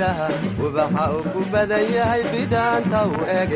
ubaxa uu ku badan yahay bidhaanta u eg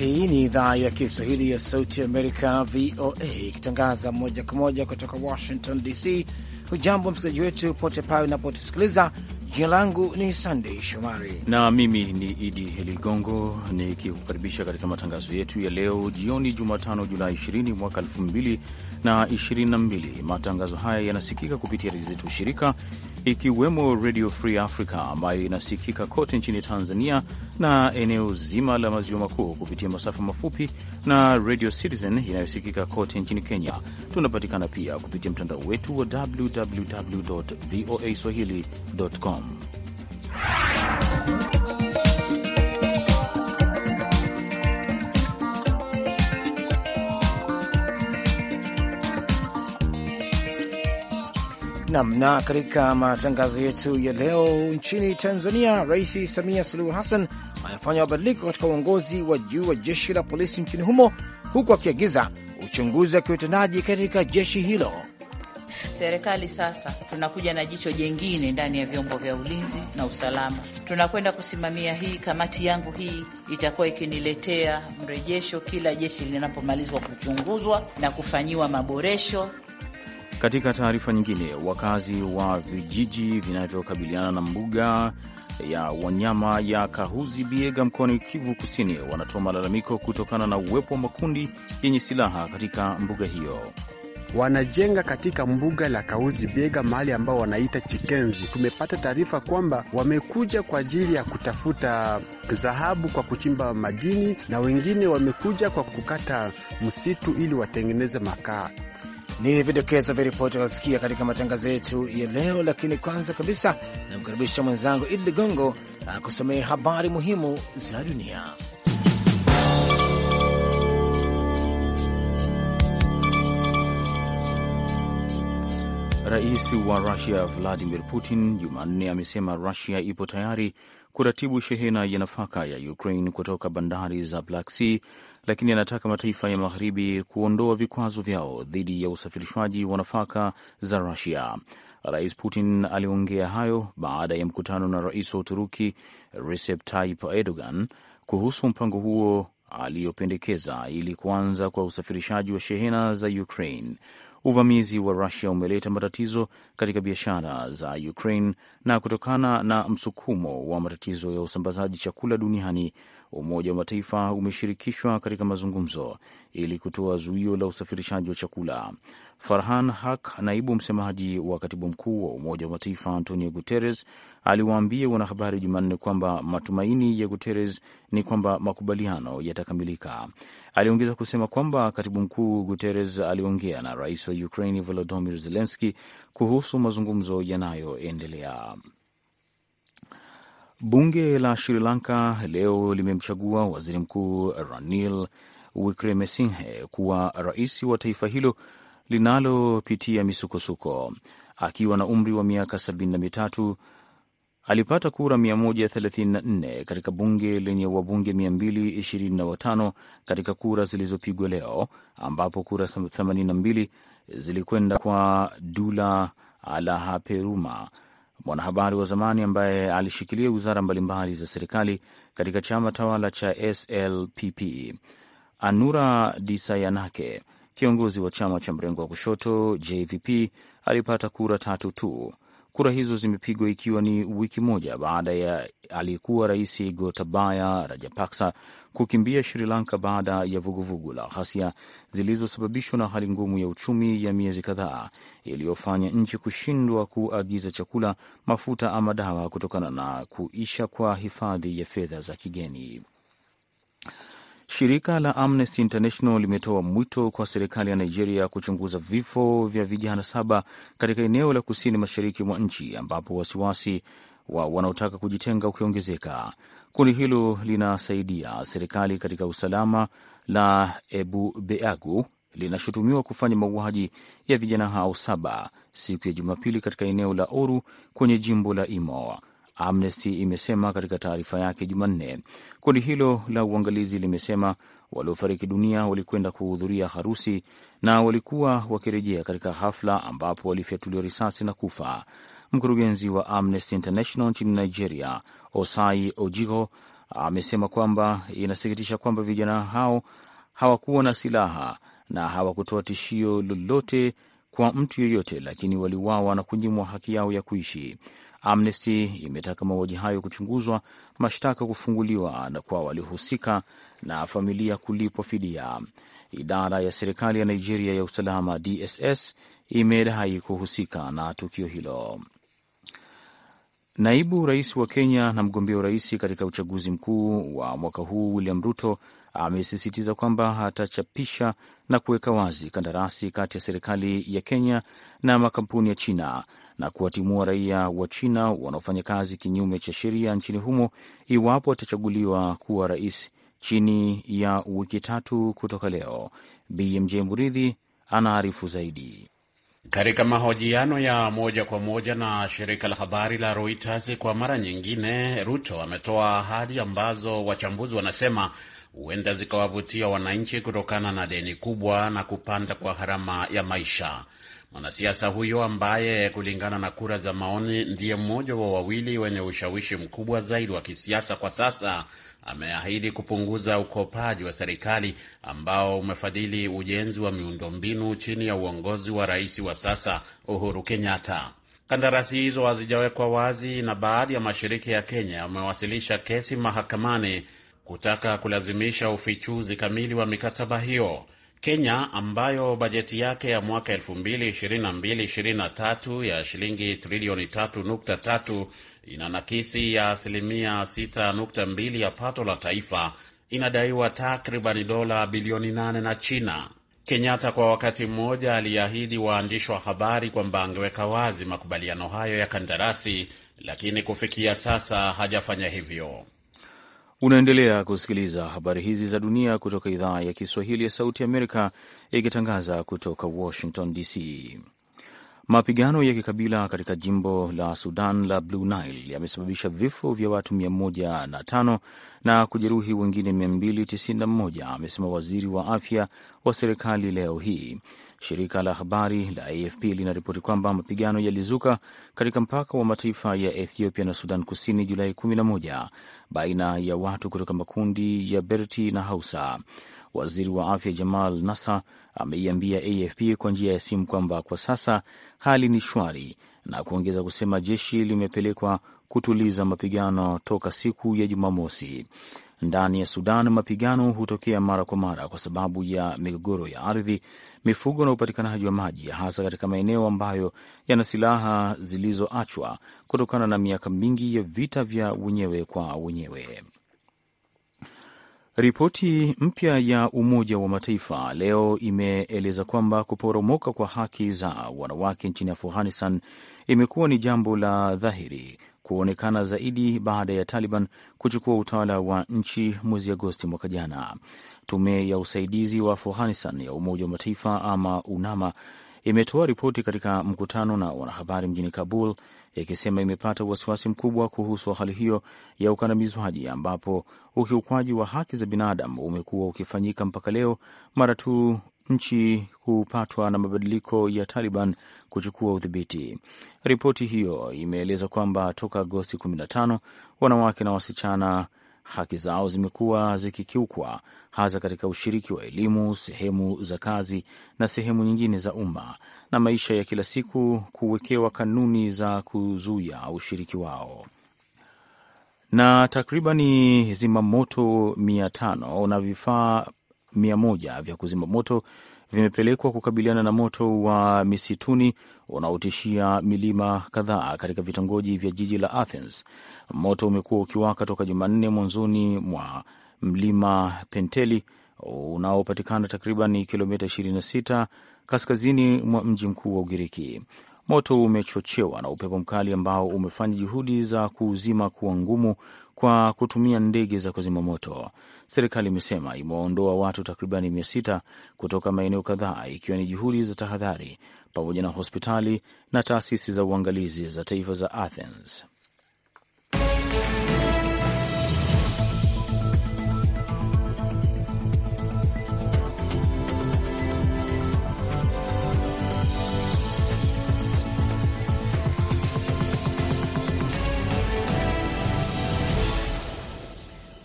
Hii ni idhaa ya Kiswahili ya Sauti Amerika, VOA, ikitangaza moja kwa moja kutoka Washington DC. Hujambo msikilizaji wetu pote pale unapotusikiliza. Jina langu ni Sandey Shomari na mimi ni Idi Ligongo nikikukaribisha katika matangazo yetu ya leo jioni, Jumatano Julai 20 mwaka 2022. Matangazo haya yanasikika kupitia redio zetu shirika ikiwemo Radio Free Africa ambayo inasikika kote nchini Tanzania na eneo zima la maziwa makuu kupitia masafa mafupi na Radio Citizen inayosikika kote nchini Kenya. Tunapatikana pia kupitia mtandao wetu wa www voa swahili.com. nam. Na katika matangazo yetu ya leo, nchini Tanzania, Rais Samia Suluhu Hassan amefanya mabadiliko katika uongozi wa juu wa jeshi la polisi nchini humo, huku akiagiza uchunguzi wa kiutendaji katika jeshi hilo. Serikali sasa tunakuja na jicho jengine ndani ya vyombo vya ulinzi na usalama. Tunakwenda kusimamia hii, kamati yangu hii itakuwa ikiniletea mrejesho kila jeshi linapomalizwa kuchunguzwa na kufanyiwa maboresho katika taarifa nyingine, wakazi wa vijiji vinavyokabiliana na mbuga ya wanyama ya Kahuzi Biega mkoani Kivu Kusini wanatoa malalamiko kutokana na uwepo wa makundi yenye silaha katika mbuga hiyo wanajenga katika mbuga la Kauzi Biega mahali ambao wanaita Chikenzi. Tumepata taarifa kwamba wamekuja kwa ajili ya kutafuta dhahabu kwa kuchimba madini, na wengine wamekuja kwa kukata msitu ili watengeneze makaa. Ni vidokezo vya ripoti unaosikia katika matangazo yetu ya leo, lakini kwanza kabisa namkaribisha mwenzangu Idi Ligongo akusomea habari muhimu za dunia. Rais wa Rusia Vladimir Putin Jumanne amesema Rusia ipo tayari kuratibu shehena ya nafaka ya Ukraine kutoka bandari za Black Sea lakini anataka mataifa ya magharibi kuondoa vikwazo vyao dhidi ya usafirishwaji wa nafaka za Rusia. Rais Putin aliongea hayo baada ya mkutano na rais wa Uturuki Recep Tayyip Erdogan kuhusu mpango huo aliyopendekeza ili kuanza kwa usafirishaji wa shehena za Ukraine. Uvamizi wa Rusia umeleta matatizo katika biashara za Ukraine, na kutokana na msukumo wa matatizo ya usambazaji chakula duniani, Umoja wa Mataifa umeshirikishwa katika mazungumzo ili kutoa zuio la usafirishaji wa chakula. Farhan Haq, naibu msemaji wa katibu mkuu wa Umoja wa Mataifa Antonio Guterres, aliwaambia wanahabari Jumanne kwamba matumaini ya Guterres ni kwamba makubaliano yatakamilika. Aliongeza kusema kwamba katibu mkuu Guterres aliongea na rais wa Ukraini Volodymyr Zelenski kuhusu mazungumzo yanayoendelea. Bunge la Sri Lanka leo limemchagua waziri mkuu Ranil Wickremesinghe kuwa rais wa taifa hilo linalopitia misukosuko. Akiwa na umri wa miaka sabini na mitatu, Alipata kura 134 katika bunge lenye wabunge 225 katika kura zilizopigwa leo, ambapo kura 82 zilikwenda kwa Dula Alahaperuma, mwanahabari wa zamani ambaye alishikilia wizara mbalimbali za serikali katika chama tawala cha SLPP. Anura Disayanake, kiongozi wa chama cha mrengo wa kushoto JVP, alipata kura tatu tu. Kura hizo zimepigwa ikiwa ni wiki moja baada ya aliyekuwa rais Gotabaya Rajapaksa kukimbia Sri Lanka baada ya vuguvugu la ghasia zilizosababishwa na hali ngumu ya uchumi ya miezi kadhaa iliyofanya nchi kushindwa kuagiza chakula, mafuta ama dawa kutokana na kuisha kwa hifadhi ya fedha za kigeni. Shirika la Amnesty International limetoa mwito kwa serikali ya Nigeria kuchunguza vifo vya vijana saba katika eneo la kusini mashariki mwa nchi ambapo wasiwasi wa wanaotaka kujitenga ukiongezeka. Kundi hilo linasaidia serikali katika usalama la Ebu Beagu linashutumiwa kufanya mauaji ya vijana hao saba siku ya Jumapili katika eneo la Oru kwenye jimbo la Imo. Amnesty imesema katika taarifa yake Jumanne. Kundi hilo la uangalizi limesema waliofariki dunia walikwenda kuhudhuria harusi na walikuwa wakirejea katika hafla ambapo walifyatuliwa risasi na kufa. Mkurugenzi wa Amnesty International nchini Nigeria, Osai Ojigo, amesema kwamba inasikitisha kwamba vijana hao hawakuwa na silaha na hawakutoa tishio lolote kwa mtu yeyote, lakini waliuawa na kunyimwa haki yao ya kuishi. Amnesty imetaka mauaji hayo kuchunguzwa, mashtaka kufunguliwa na kwa waliohusika na familia kulipwa fidia. Idara ya serikali ya Nigeria ya usalama DSS imedai kuhusika na tukio hilo. Naibu rais wa Kenya na mgombea urais katika uchaguzi mkuu wa mwaka huu William Ruto amesisitiza kwamba atachapisha na kuweka wazi kandarasi kati ya serikali ya Kenya na makampuni ya China na kuwatimua raia wa China wanaofanya kazi kinyume cha sheria nchini humo iwapo atachaguliwa kuwa rais chini ya wiki tatu kutoka leo. BMJ Muridhi anaarifu zaidi. Katika mahojiano ya moja kwa moja na shirika la habari la Reuters, kwa mara nyingine, Ruto ametoa ahadi ambazo wachambuzi wanasema huenda zikawavutia wananchi kutokana na deni kubwa na kupanda kwa gharama ya maisha. Mwanasiasa huyo ambaye kulingana na kura za maoni ndiye mmoja wa wawili wenye ushawishi mkubwa zaidi wa kisiasa kwa sasa ameahidi kupunguza ukopaji wa serikali ambao umefadhili ujenzi wa miundombinu chini ya uongozi wa rais wa sasa Uhuru Kenyatta. Kandarasi hizo hazijawekwa wazi na baadhi ya mashirika ya Kenya yamewasilisha kesi mahakamani kutaka kulazimisha ufichuzi kamili wa mikataba hiyo. Kenya ambayo bajeti yake ya mwaka 2022 ya shilingi trilioni 3.3 ina nakisi ya asilimia 6.2 ya pato la taifa inadaiwa takribani dola bilioni 8 na China. Kenyatta kwa wakati mmoja aliahidi waandishi wa habari kwamba angeweka wazi makubaliano hayo ya kandarasi, lakini kufikia sasa hajafanya hivyo. Unaendelea kusikiliza habari hizi za dunia kutoka idhaa ya Kiswahili ya Sauti Amerika, ikitangaza kutoka Washington DC. Mapigano ya kikabila katika jimbo la Sudan la Blue Nile yamesababisha vifo vya watu 105 na kujeruhi wengine 291, amesema waziri wa afya wa serikali leo hii. Shirika la habari la AFP linaripoti kwamba mapigano yalizuka katika mpaka wa mataifa ya Ethiopia na Sudan Kusini Julai 11 baina ya watu kutoka makundi ya Berti na Hausa. Waziri wa afya Jamal Nasa ameiambia AFP kwa njia ya simu kwamba kwa sasa hali ni shwari, na kuongeza kusema jeshi limepelekwa kutuliza mapigano toka siku ya Jumamosi. Ndani ya Sudan mapigano hutokea mara kwa mara kwa sababu ya migogoro ya ardhi, mifugo na upatikanaji wa maji, hasa katika maeneo ambayo yana silaha zilizoachwa kutokana na miaka mingi ya vita vya wenyewe kwa wenyewe. Ripoti mpya ya Umoja wa Mataifa leo imeeleza kwamba kuporomoka kwa haki za wanawake nchini Afghanistan imekuwa ni jambo la dhahiri kuonekana zaidi baada ya Taliban kuchukua utawala wa nchi mwezi Agosti mwaka jana. Tume ya usaidizi wa Afghanistan ya Umoja wa Mataifa ama UNAMA imetoa ripoti katika mkutano na wanahabari mjini Kabul ikisema imepata wasiwasi mkubwa kuhusu hali hiyo ya ukandamizwaji, ambapo ukiukwaji wa haki za binadamu umekuwa ukifanyika mpaka leo mara tu nchi kupatwa na mabadiliko ya Taliban kuchukua udhibiti. Ripoti hiyo imeeleza kwamba toka Agosti 15 wanawake na wasichana haki zao zimekuwa zikikiukwa, hasa katika ushiriki wa elimu, sehemu za kazi na sehemu nyingine za umma, na maisha ya kila siku kuwekewa kanuni za kuzuia ushiriki wao na takribani zimamoto mia tano na vifaa mia moja vya kuzima moto vimepelekwa kukabiliana na moto wa misituni unaotishia milima kadhaa katika vitongoji vya jiji la Athens. Moto umekuwa ukiwaka toka Jumanne mwanzoni mwa mlima Penteli unaopatikana takriban kilomita 26 kaskazini mwa mji mkuu wa Ugiriki. Moto umechochewa na upepo mkali ambao umefanya juhudi za kuuzima kuwa ngumu, kwa kutumia ndege za kuzima moto. Serikali imesema imewaondoa watu takribani mia sita kutoka maeneo kadhaa, ikiwa ni juhudi za tahadhari pamoja na hospitali na taasisi za uangalizi za taifa za Athens.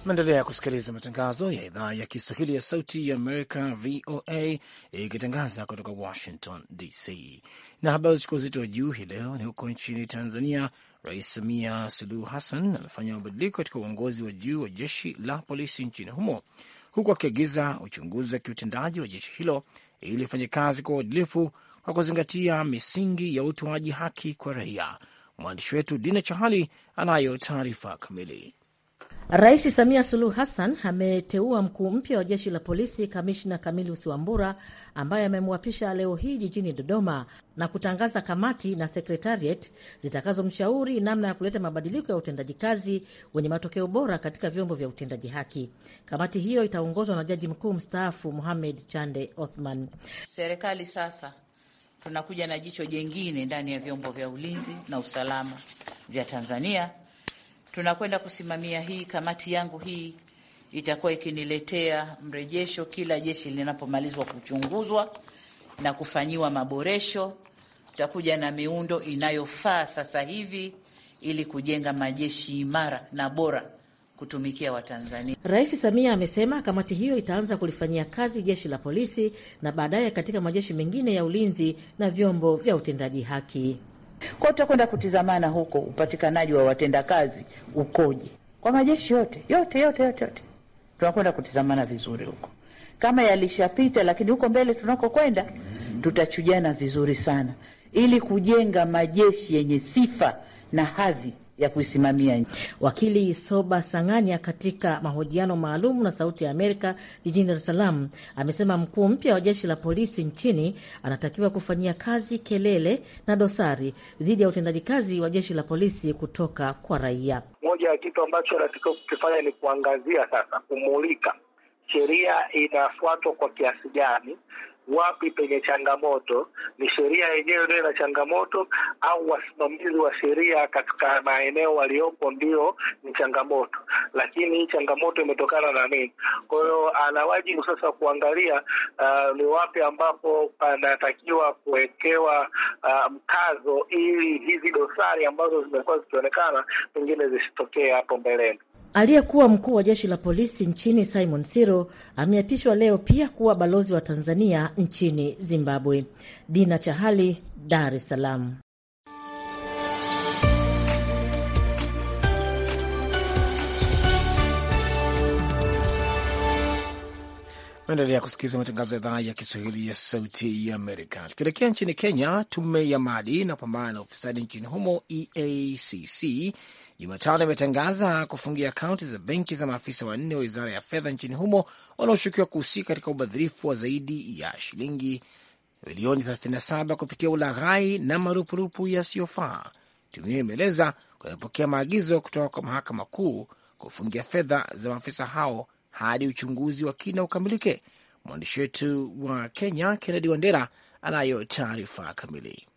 Maendelea kusikiliza matangazo ya idhaa ya Kiswahili ya Sauti ya Amerika, VOA, ikitangaza kutoka Washington DC. Na habari zichukua uzito wa juu hii leo ni huko nchini Tanzania. Rais Samia Suluhu Hassan amefanya mabadiliko katika uongozi wa juu wa jeshi la polisi nchini humo, huku akiagiza uchunguzi wa kiutendaji wa jeshi hilo ili fanye kazi kwa uadilifu kwa kuzingatia misingi ya utoaji haki kwa raia. Mwandishi wetu Dina Chahali anayo taarifa kamili. Rais Samia Suluhu Hassan ameteua mkuu mpya wa jeshi la polisi Kamishna Camillus Wambura ambaye amemwapisha leo hii jijini Dodoma na kutangaza kamati na sekretariat zitakazomshauri namna ya kuleta mabadiliko ya utendaji kazi wenye matokeo bora katika vyombo vya utendaji haki. Kamati hiyo itaongozwa na Jaji Mkuu mstaafu muhamed Chande Othman. Serikali sasa tunakuja na jicho jengine ndani ya vyombo vya ulinzi na usalama vya Tanzania tunakwenda kusimamia hii. Kamati yangu hii itakuwa ikiniletea mrejesho kila jeshi linapomalizwa kuchunguzwa na kufanyiwa maboresho. Tutakuja na miundo inayofaa sasa hivi ili kujenga majeshi imara na bora kutumikia Watanzania. Rais Samia amesema kamati hiyo itaanza kulifanyia kazi jeshi la polisi na baadaye katika majeshi mengine ya ulinzi na vyombo vya utendaji haki. Kwao tutakwenda kutizamana huko upatikanaji wa watendakazi ukoje kwa majeshi yote yote yote yote, yote. Tunakwenda kutizamana vizuri huko, kama yalishapita, lakini huko mbele tunakokwenda tutachujana vizuri sana, ili kujenga majeshi yenye sifa na hadhi ya kuisimamia nchi. Wakili Soba Sang'anya katika mahojiano maalum na Sauti ya Amerika jijini Dar es Salaam amesema mkuu mpya wa jeshi la polisi nchini anatakiwa kufanyia kazi kelele na dosari dhidi ya utendaji kazi wa jeshi la polisi kutoka kwa raia. Moja ya kitu ambacho anatakiwa kukifanya ni kuangazia sasa, kumulika sheria inafuatwa kwa kiasi gani wapi penye changamoto, ni sheria yenyewe ndio ina changamoto au wasimamizi wa sheria katika maeneo waliopo ndio ni changamoto? Lakini hii changamoto imetokana na nini? Kwa hiyo ana wajibu sasa kuangalia uh, ni wapi ambapo panatakiwa kuwekewa uh, mkazo ili hizi dosari ambazo zimekuwa zikionekana pengine zisitokee hapo mbeleni. Aliyekuwa mkuu wa jeshi la polisi nchini Simon Siro ameapishwa leo pia kuwa balozi wa Tanzania nchini Zimbabwe. Dina Chahali, Dar es Salaam. Naendelea kusikiliza matangazo ya idhaa ya Kiswahili ya Sauti ya Amerika. Tukielekea nchini Kenya, tume ya mali na pambana na ufisadi nchini humo EACC Jumatano imetangaza kufungia akaunti za benki za maafisa wanne wa wizara ya fedha nchini humo wanaoshukiwa kuhusika katika ubadhirifu wa zaidi ya shilingi milioni 37 kupitia ulaghai na marupurupu yasiyofaa. Tume hiyo imeeleza kwamepokea maagizo kutoka kwa mahakama kuu kufungia fedha za maafisa hao hadi uchunguzi wa kina ukamilike. Mwandishi wetu wa Kenya Kennedy Wandera anayo taarifa kamili.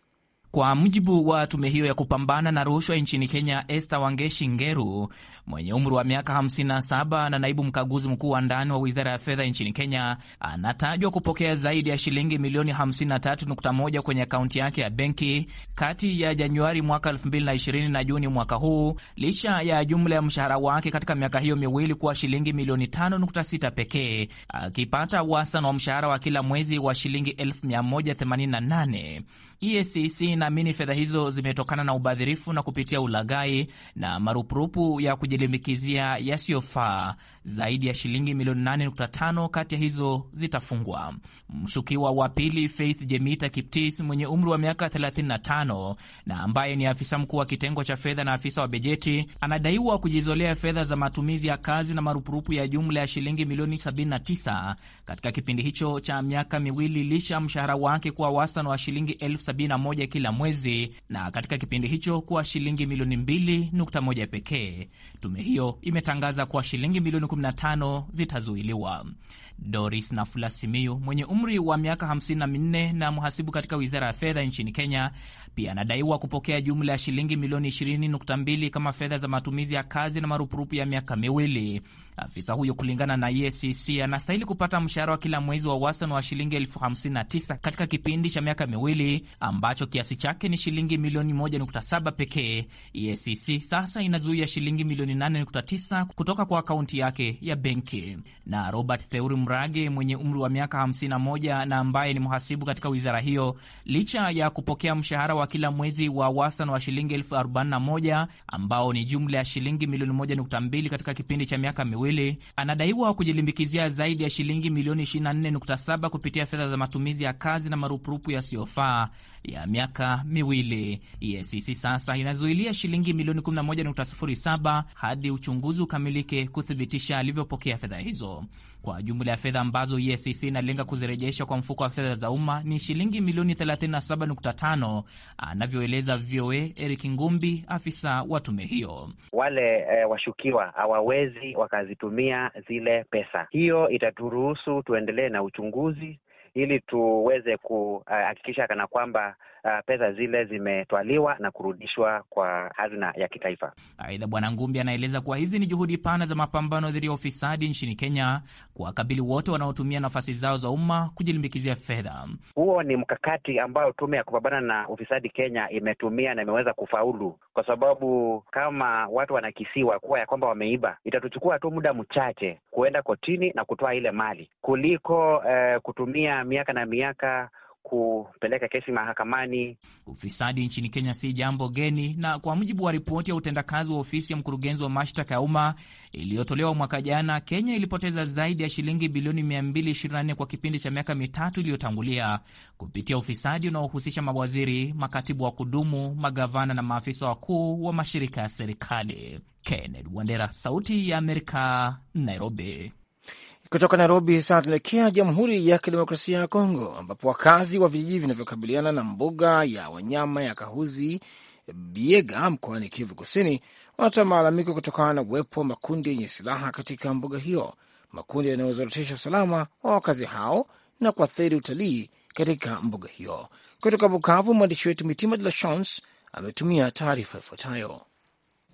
Kwa mujibu wa tume hiyo ya kupambana na rushwa nchini Kenya, Esther Wangeshi Ngeru mwenye umri wa miaka 57 na naibu mkaguzi mkuu wa ndani wa wizara ya fedha nchini Kenya anatajwa kupokea zaidi ya shilingi milioni 53.1 kwenye akaunti yake ya benki kati ya Januari mwaka 2020 na Juni mwaka huu, licha ya jumla ya mshahara wake katika miaka hiyo miwili kuwa shilingi milioni 5.6 pekee, akipata wastani wa mshahara wa kila mwezi wa shilingi 188. EACC inaamini fedha hizo zimetokana na ubadhirifu na kupitia ulaghai na marupurupu ya kujilimbikizia yasiyofaa. Zaidi ya shilingi milioni 8.5 kati ya hizo zitafungwa. Mshukiwa wa pili Faith Jemita Kiptis mwenye umri wa miaka 35 na ambaye ni afisa mkuu wa kitengo cha fedha na afisa wa bejeti anadaiwa kujizolea fedha za matumizi ya kazi na marupurupu ya jumla ya shilingi milioni 79 katika kipindi hicho cha miaka miwili licha mshahara wake kuwa wastani wa shilingi elfu 71 kila kila mwezi, na katika kipindi hicho kuwa shilingi milioni 2.1 pekee. Tume hiyo imetangaza kuwa shilingi milioni 15 zitazuiliwa. Doris Nafula simiu mwenye umri wa miaka 54 na mhasibu katika wizara ya fedha nchini Kenya pia anadaiwa kupokea jumla ya shilingi milioni 20.2 kama fedha za matumizi ya kazi na marupurupu ya miaka miwili. Afisa huyo kulingana na EACC anastahili kupata mshahara wa kila mwezi wa wastani wa shilingi elfu 59 katika kipindi cha miaka miwili ambacho kiasi chake ni shilingi milioni 1.7 pekee. EACC sasa inazuia shilingi milioni 8.9 kutoka kwa akaunti yake ya benki. Na Robert Theuri Mrage mwenye umri wa miaka 51 na ambaye ni mhasibu katika wizara hiyo, licha ya kupokea mshahara wa kila mwezi wa wastani wa shilingi elfu arobaini na moja ambao ni jumla ya shilingi milioni moja nukta mbili katika kipindi cha miaka miwili, anadaiwa kujilimbikizia zaidi ya shilingi milioni 24.7 kupitia fedha za matumizi ya kazi na marupurupu yasiyofaa ya miaka miwili. EACC sasa inazuilia shilingi milioni 11.07 hadi uchunguzi ukamilike kuthibitisha alivyopokea fedha hizo. Kwa jumla ya fedha ambazo EACC inalenga kuzirejesha kwa mfuko wa fedha za umma ni shilingi milioni 37.5, anavyoeleza VOA Eric Ngumbi, afisa wa tume hiyo. Wale e, washukiwa hawawezi wakazitumia zile pesa. Hiyo itaturuhusu tuendelee na uchunguzi ili tuweze kuhakikisha ah, kana kwamba uh, pesa zile zimetwaliwa na kurudishwa kwa hazina ya kitaifa. Aidha, Bwana Ngumbi anaeleza kuwa hizi ni juhudi pana za mapambano dhidi ya ufisadi nchini Kenya, kuwakabili wote wanaotumia nafasi zao za umma kujilimbikizia fedha. Huo ni mkakati ambao tume ya kupambana na ufisadi Kenya imetumia na imeweza kufaulu, kwa sababu kama watu wanakisiwa kuwa ya kwamba wameiba, itatuchukua tu muda mchache kuenda kotini na kutoa ile mali kuliko eh, kutumia miaka na miaka kupeleka kesi mahakamani. Ufisadi nchini Kenya si jambo geni, na kwa mujibu wa ripoti ya utendakazi wa ofisi ya mkurugenzi wa mashtaka ya umma iliyotolewa mwaka jana, Kenya ilipoteza zaidi ya shilingi bilioni 224 kwa kipindi cha miaka mitatu iliyotangulia kupitia ufisadi unaohusisha mawaziri, makatibu wa kudumu, magavana na maafisa wakuu wa mashirika ya serikali. Kenneth Wandera, Sauti ya Amerika, Nairobi. Kutoka Nairobi sasa tunaelekea Jamhuri ya Kidemokrasia ya Kongo, ambapo wakazi wa vijiji vinavyokabiliana na mbuga ya wanyama ya Kahuzi Biega mkoani Kivu Kusini wanatoa malalamiko kutokana na uwepo wa makundi yenye silaha katika mbuga hiyo, makundi yanayozorotesha usalama wa wakazi hao na kuathiri utalii katika mbuga hiyo. Kutoka Bukavu, mwandishi wetu Mitima de la Chance ametumia taarifa ifuatayo.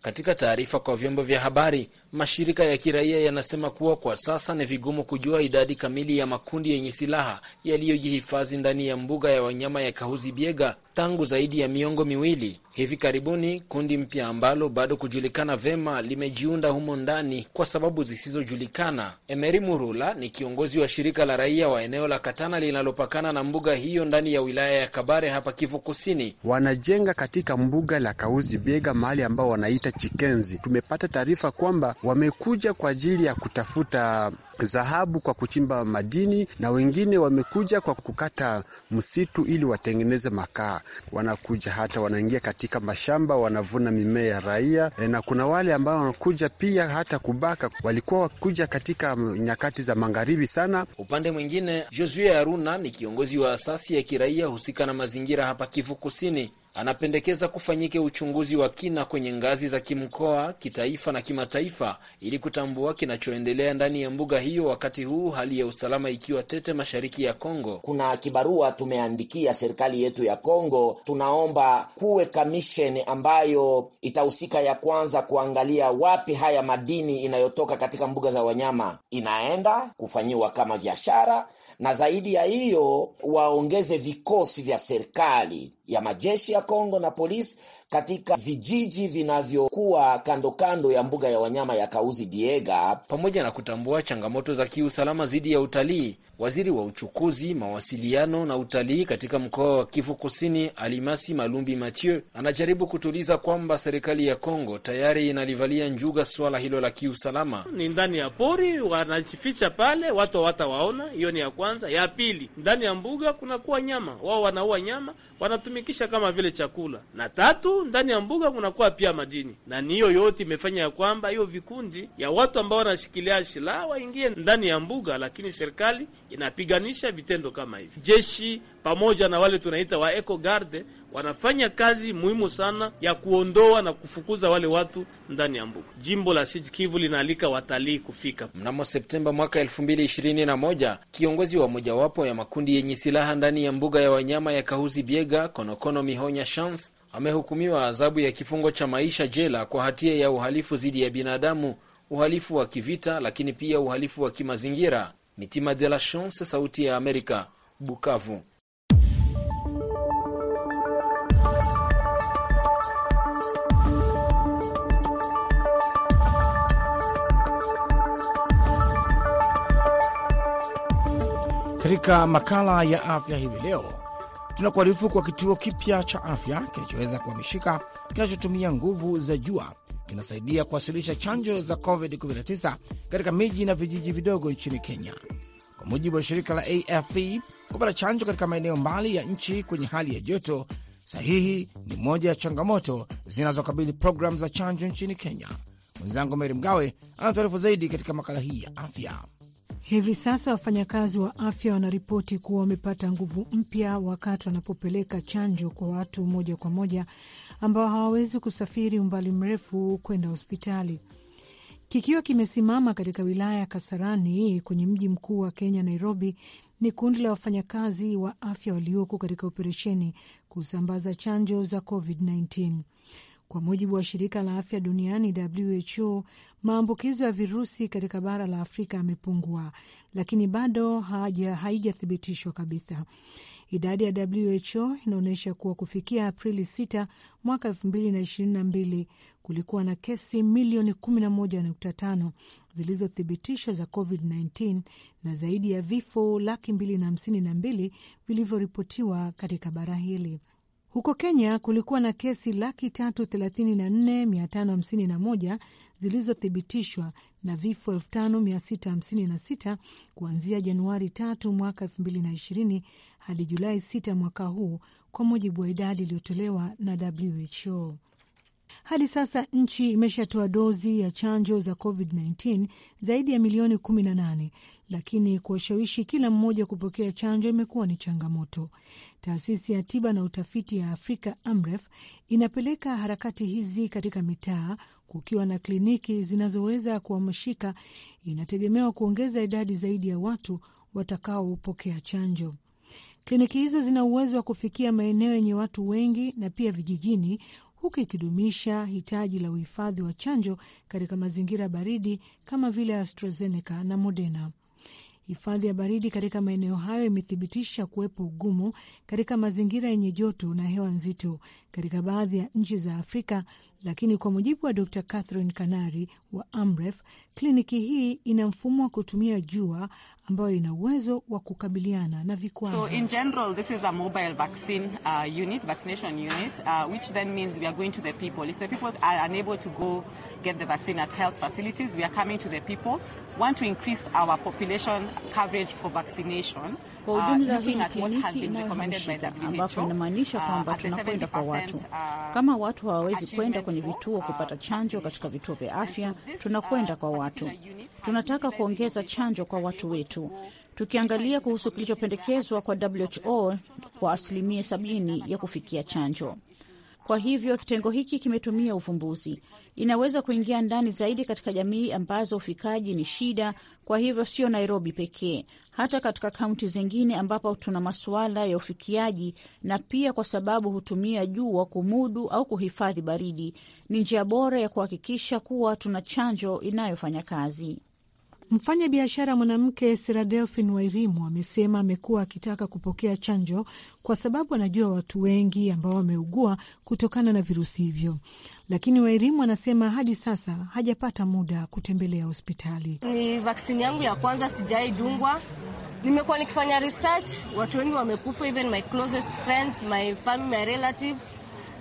Katika taarifa kwa vyombo vya habari, Mashirika ya kiraia yanasema kuwa kwa sasa ni vigumu kujua idadi kamili ya makundi yenye silaha yaliyojihifadhi ndani ya mbuga ya wanyama ya Kahuzi Biega tangu zaidi ya miongo miwili. Hivi karibuni kundi mpya ambalo bado kujulikana vema limejiunda humo ndani kwa sababu zisizojulikana. Emeri Murula ni kiongozi wa shirika la raia wa eneo la Katana linalopakana na mbuga hiyo ndani ya wilaya ya Kabare hapa Kivu Kusini. Wanajenga katika mbuga la kauzi Biega mahali ambao wanaita Chikenzi. Tumepata taarifa kwamba wamekuja kwa ajili ya kutafuta dhahabu kwa kuchimba madini, na wengine wamekuja kwa kukata msitu ili watengeneze makaa. Wanakuja hata wanaingia katika mashamba, wanavuna mimea ya raia, eh, na kuna wale ambao wanakuja pia hata kubaka. Walikuwa wakuja katika nyakati za magharibi sana. Upande mwingine, Josue Aruna ni kiongozi wa asasi ya kiraia husika na mazingira hapa Kivu Kusini. Anapendekeza kufanyike uchunguzi wa kina kwenye ngazi za kimkoa, kitaifa na kimataifa ili kutambua kinachoendelea ndani ya mbuga hiyo, wakati huu hali ya usalama ikiwa tete mashariki ya Kongo. Kuna kibarua tumeandikia serikali yetu ya Kongo, tunaomba kuwe kamisheni ambayo itahusika ya kwanza kuangalia wapi haya madini inayotoka katika mbuga za wanyama inaenda kufanyiwa kama biashara, na zaidi ya hiyo waongeze vikosi vya serikali ya majeshi ya Kongo na polisi katika vijiji vinavyokuwa kando kando ya mbuga ya wanyama ya Kauzi Biega, pamoja na kutambua changamoto za kiusalama dhidi ya utalii. Waziri wa uchukuzi, mawasiliano na utalii katika mkoa wa Kivu Kusini, Alimasi Malumbi Mathieu, anajaribu kutuliza kwamba serikali ya Kongo tayari inalivalia njuga swala hilo la kiusalama. Ni ndani ya pori wanajificha pale, watu hawatawaona. Hiyo ni ya kwanza. Ya pili, ndani ya mbuga kunakuwa nyama, wao wanaua nyama wanatumikisha kama vile chakula, na tatu, ndani ya mbuga kunakuwa pia madini, na ni hiyo yote imefanya ya kwamba hiyo vikundi ya watu ambao wanashikilia silaha waingie ndani ya mbuga, lakini serikali inapiganisha vitendo kama hivi. Jeshi pamoja na wale tunaita wa eco garde wanafanya kazi muhimu sana ya kuondoa na kufukuza wale watu ndani ya mbuga. Jimbo la Sud Kivu linaalika watalii kufika. Mnamo Septemba mwaka 2021 kiongozi wa mojawapo ya makundi yenye silaha ndani ya mbuga ya wanyama ya Kahuzi Biega, Konokono Mihonya Chance amehukumiwa adhabu ya kifungo cha maisha jela kwa hatia ya uhalifu dhidi ya binadamu, uhalifu wa kivita, lakini pia uhalifu wa kimazingira. Mitima de la Chance, Sauti ya Amerika, Bukavu. Katika makala ya afya hivi leo, tunakuarifu kwa kituo kipya cha afya kinachoweza kuhamishika kinachotumia nguvu za jua kinasaidia kuwasilisha chanjo za COVID-19 katika miji na vijiji vidogo nchini Kenya. Kwa mujibu wa shirika la AFP, kupata chanjo katika maeneo mbali ya nchi kwenye hali ya joto sahihi ni moja ya changamoto zinazokabili programu za chanjo nchini Kenya. Mwenzangu Meri Mgawe anatuarifu zaidi katika makala hii ya afya. Hivi sasa wafanyakazi wa afya wanaripoti kuwa wamepata nguvu mpya wakati wanapopeleka chanjo kwa watu moja kwa moja ambao hawawezi kusafiri umbali mrefu kwenda hospitali. Kikiwa kimesimama katika wilaya ya Kasarani kwenye mji mkuu wa Kenya, Nairobi, ni kundi la wafanyakazi wa afya walioko katika operesheni kusambaza chanjo za COVID-19. Kwa mujibu wa shirika la afya duniani WHO, maambukizo ya virusi katika bara la Afrika yamepungua, lakini bado haijathibitishwa kabisa. Idadi ya WHO inaonyesha kuwa kufikia Aprili 6 mwaka 2022 kulikuwa na kesi milioni 11.5 zilizothibitishwa za COVID-19 na zaidi ya vifo laki 252 vilivyoripotiwa katika bara hili. Huko Kenya kulikuwa na kesi laki tatu thelathini na nne mia tano hamsini na moja zilizothibitishwa na vifo elfu tano mia sita hamsini na sita kuanzia Januari tatu mwaka elfu mbili na ishirini hadi Julai sita mwaka huu kwa mujibu wa idadi iliyotolewa na WHO. Hadi sasa nchi imeshatoa dozi ya chanjo za COVID-19 zaidi ya milioni 18 lakini kuwashawishi kila mmoja kupokea chanjo imekuwa ni changamoto. Taasisi ya tiba na utafiti ya Afrika, AMREF, inapeleka harakati hizi katika mitaa kukiwa na kliniki zinazoweza kuhamishika. Inategemewa kuongeza idadi zaidi ya watu watakaopokea chanjo. Kliniki hizo zina uwezo wa kufikia maeneo yenye watu wengi na pia vijijini, huku ikidumisha hitaji la uhifadhi wa chanjo katika mazingira baridi kama vile AstraZeneca na Moderna. Hifadhi ya baridi katika maeneo hayo imethibitisha kuwepo ugumu katika mazingira yenye joto na hewa nzito katika baadhi ya nchi za Afrika lakini kwa mujibu wa Dr Catherine Kanari wa Amref, kliniki hii ina mfumo wa kutumia jua ambayo ina uwezo wa kukabiliana na vikwazo. So in general this is a mobile vaccine uh, unit, vaccination unit uh, which then means we are going to the people. If the people are unable to go get the vaccine at health facilities, we are coming to the people, want to increase our population coverage for vaccination kwa ujumla, hii ni kliniki inayohamishika ambapo inamaanisha uh, kwamba tunakwenda kwa watu. Uh, Kama watu hawawezi kwenda kwenye vituo uh, kupata chanjo katika vituo vya afya, tunakwenda kwa watu. Tunataka kuongeza chanjo kwa watu wetu. Tukiangalia kuhusu kilichopendekezwa kwa WHO kwa asilimia sabini ya kufikia chanjo kwa hivyo kitengo hiki kimetumia uvumbuzi, inaweza kuingia ndani zaidi katika jamii ambazo ufikaji ni shida. Kwa hivyo sio Nairobi pekee, hata katika kaunti zingine ambapo tuna masuala ya ufikiaji, na pia kwa sababu hutumia jua kumudu au kuhifadhi baridi, ni njia bora ya kuhakikisha kuwa tuna chanjo inayofanya kazi. Mfanya biashara mwanamke Siradelphin Wairimu amesema amekuwa akitaka kupokea chanjo kwa sababu anajua watu wengi ambao wameugua kutokana na virusi hivyo, lakini Wairimu anasema hadi sasa hajapata muda kutembelea hospitali. Ni vaksini yangu ya kwanza, sijai dungwa Nimekuwa nikifanya research, watu wengi wamekufa, even my closest friends, my family, my relatives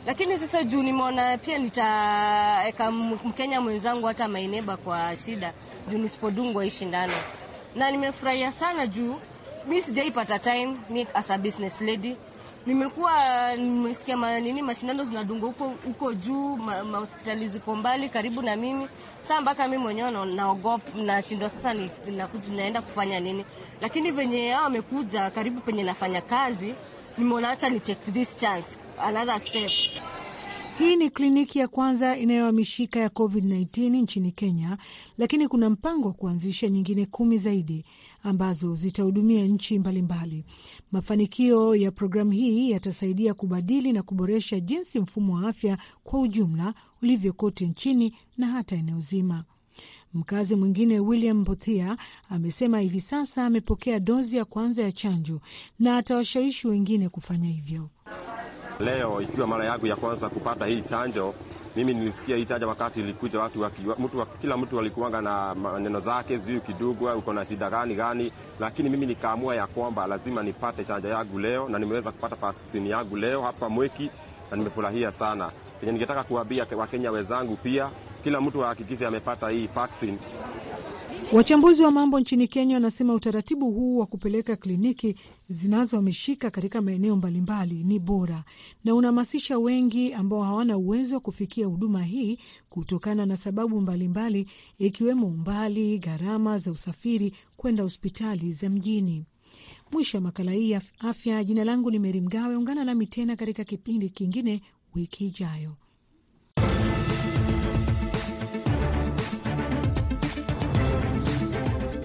lakini sasa juu nimeona pia nitaeka Mkenya mwenzangu hata maineba kwa shida, juu nisipodungwa hii shindano, na nimefurahia sana juu mi sijaipata time ni as a business lady nimekuwa nimesikia manini mashindano zinadungwa huko huko juu, mahospitali ma ziko mbali karibu na mimi. Saa mpaka mi mwenyewe naogopa, nashindwa sasa ni, na, naenda kufanya nini, lakini venye hao wamekuja karibu penye nafanya kazi, nimeona hacha ni take this chance another step. Hii ni kliniki ya kwanza inayohamishika ya COVID-19 nchini Kenya, lakini kuna mpango wa kuanzisha nyingine kumi zaidi ambazo zitahudumia nchi mbalimbali. Mafanikio ya programu hii yatasaidia kubadili na kuboresha jinsi mfumo wa afya kwa ujumla ulivyo kote nchini na hata eneo zima. Mkazi mwingine William Mbothia amesema hivi sasa amepokea dozi ya kwanza ya chanjo na atawashawishi wengine kufanya hivyo. Leo ikiwa mara yangu ya kwanza kupata hii chanjo. Mimi nilisikia hii chanjo wakati ilikuja watu waki, mtu, kila mtu alikuanga na maneno zake, ziu kidugwa, uko na shida gani gani, lakini mimi nikaamua ya kwamba lazima nipate chanjo yangu leo, na nimeweza kupata vaksini yangu leo hapa Mweki na nimefurahia sana. Kenye ningetaka kuambia Wakenya wenzangu pia, kila mtu ahakikishe amepata hii vaksini. Wachambuzi wa mambo nchini Kenya wanasema utaratibu huu wa kupeleka kliniki zinazohamishika katika maeneo mbalimbali ni bora na unahamasisha wengi ambao hawana uwezo wa kufikia huduma hii kutokana na sababu mbalimbali, ikiwemo umbali, gharama za usafiri kwenda hospitali za mjini. Mwisho wa makala hii ya afya, jina langu ni Meri Mgawe. Ungana nami tena katika kipindi kingine wiki ijayo.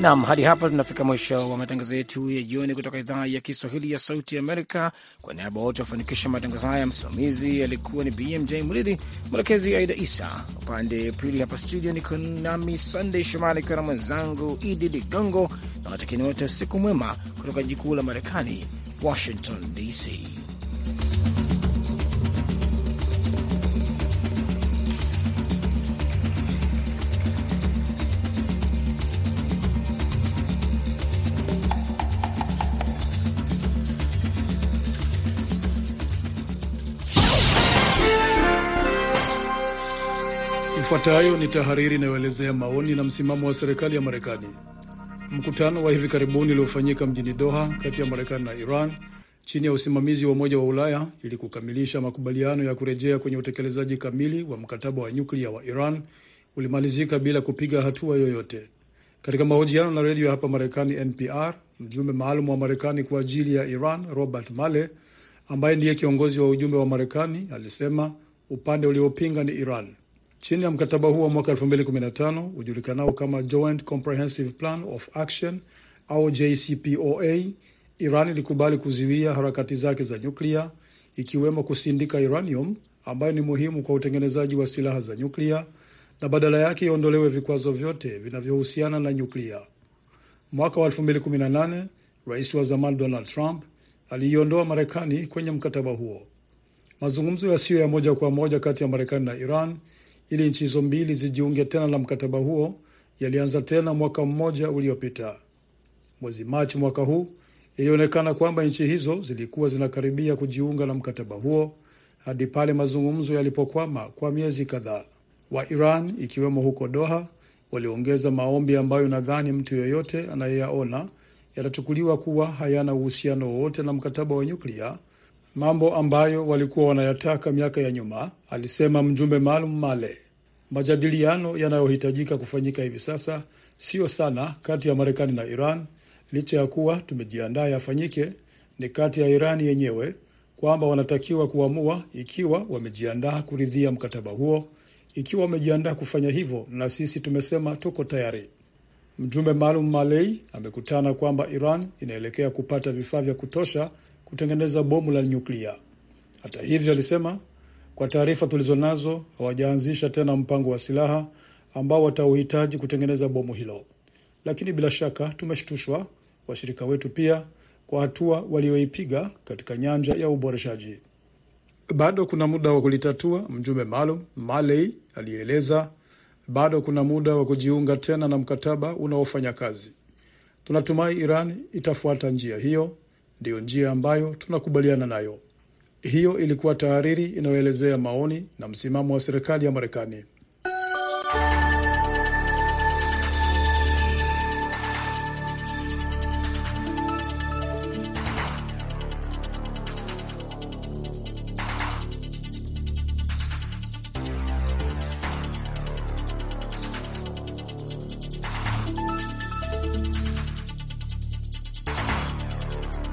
Nam, hadi hapa tunafika mwisho wa matangazo yetu ya jioni kutoka idhaa ya Kiswahili ya Sauti Amerika. Kwa niaba wote wafanikisha matangazo haya, msimamizi alikuwa ni BMJ Mridhi, mwelekezi Aida Isa, upande pili hapa studio niko nami Sandey Shomari ikiwa na mwenzangu Idi Ligongo na watakini wote, usiku mwema kutoka jikuu la Marekani, Washington DC. Ifuatayo ni tahariri inayoelezea maoni na msimamo wa serikali ya Marekani. Mkutano wa hivi karibuni uliofanyika mjini Doha kati ya Marekani na Iran chini ya usimamizi wa Umoja wa Ulaya ili kukamilisha makubaliano ya kurejea kwenye utekelezaji kamili wa mkataba wa nyuklia wa Iran ulimalizika bila kupiga hatua yoyote. Katika mahojiano na redio hapa Marekani NPR, mjumbe maalum wa Marekani kwa ajili ya Iran Robert Malley ambaye ndiye kiongozi wa ujumbe wa Marekani alisema upande uliopinga ni Iran. Chini ya mkataba huo wa mwaka 2015 ujulikanao kama Joint Comprehensive Plan of Action au JCPOA, Iran ilikubali kuzuia harakati zake za nyuklia, ikiwemo kusindika uranium ambayo ni muhimu kwa utengenezaji wa silaha za nyuklia na badala yake iondolewe vikwazo vyote vinavyohusiana na nyuklia. Mwaka wa 2018 rais wa zamani Donald Trump aliiondoa Marekani kwenye mkataba huo. Mazungumzo yasiyo ya moja kwa moja kati ya Marekani na Iran ili nchi hizo mbili zijiunge tena na mkataba huo yalianza tena mwaka mmoja uliopita. Mwezi Machi mwaka huu ilionekana kwamba nchi hizo zilikuwa zinakaribia kujiunga na mkataba huo hadi pale mazungumzo yalipokwama kwa miezi kadhaa. Wa Iran ikiwemo huko Doha waliongeza maombi ambayo nadhani mtu yoyote anayeyaona yatachukuliwa kuwa hayana uhusiano wowote na mkataba wa nyuklia mambo ambayo walikuwa wanayataka miaka ya nyuma, alisema mjumbe maalum Male. Majadiliano yanayohitajika kufanyika hivi sasa siyo sana kati ya Marekani na Iran, licha ya kuwa tumejiandaa yafanyike, ni kati ya Irani yenyewe kwamba wanatakiwa kuamua ikiwa wamejiandaa kuridhia mkataba huo. Ikiwa wamejiandaa kufanya hivyo, na sisi tumesema tuko tayari. Mjumbe maalum Malei amekutana kwamba Iran inaelekea kupata vifaa vya kutosha kutengeneza bomu la nyuklia. Hata hivyo, alisema kwa taarifa tulizonazo, hawajaanzisha tena mpango wa silaha ambao watauhitaji kutengeneza bomu hilo, lakini bila shaka tumeshtushwa, washirika wetu pia, kwa hatua walioipiga katika nyanja ya uboreshaji. Bado kuna muda wa kulitatua, mjumbe maalum Maley alieleza. Bado kuna muda wa kujiunga tena na mkataba unaofanya kazi. Tunatumai Iran itafuata njia hiyo, ndiyo njia ambayo tunakubaliana nayo. Hiyo ilikuwa tahariri inayoelezea maoni na msimamo wa serikali ya Marekani.